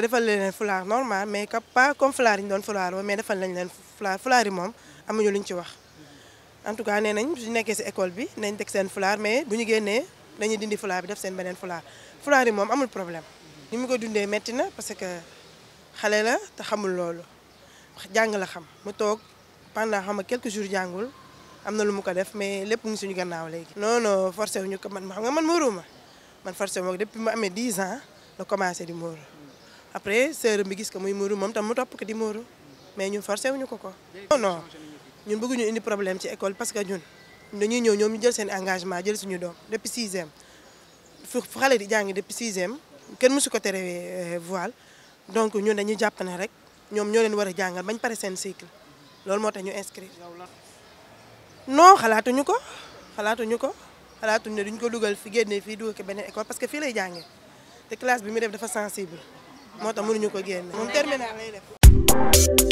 defal un fular normal mais pas comme fular yi mais defal suis len fulaar en tout cas nee nañ suñu l'école, ci école bi nañ mais bu ñu dañuy dindi fulaar bi def sen benen mom problème ni mu ko maintenant metti na parce que xalé la té xamul lolu jàng la xam mu tok pendant xama quelques jours jàngul amna lu mu ko def mais lépp mu ngi suñu gannaaw léegi. non non forcé wu ñu ko man xam nga man muuru man forcé wu ma depuis ma amee 10 ans la commencé di muuru après sœur bi gis ko muy muuru moom tam mu topp ko di muuru mais ñun forcé wu ñu ko ko. non non ñun bëgguñu indi problème ci école parce que ñun dañuy ñëw ñoom ñu jël seen engagement jël suñu doom depuis sixième fu xale di jàng depuis sixième kenn mësu ko terewee euh, voile donc ñun dañuy jàpp ne rek ñoom ñoo leen war a jàngal bañ pare seen cycle loolu moo tax ñu inscrit non xalaatuñu ko xalaatuñu ko xalaatuñu ne duñ ko dugal fi génne fii dugal ko beneen école parce que fii lay jàngee te classe bi mu def dafa sensible moo tax mënuñu ko génne moom terminal lay def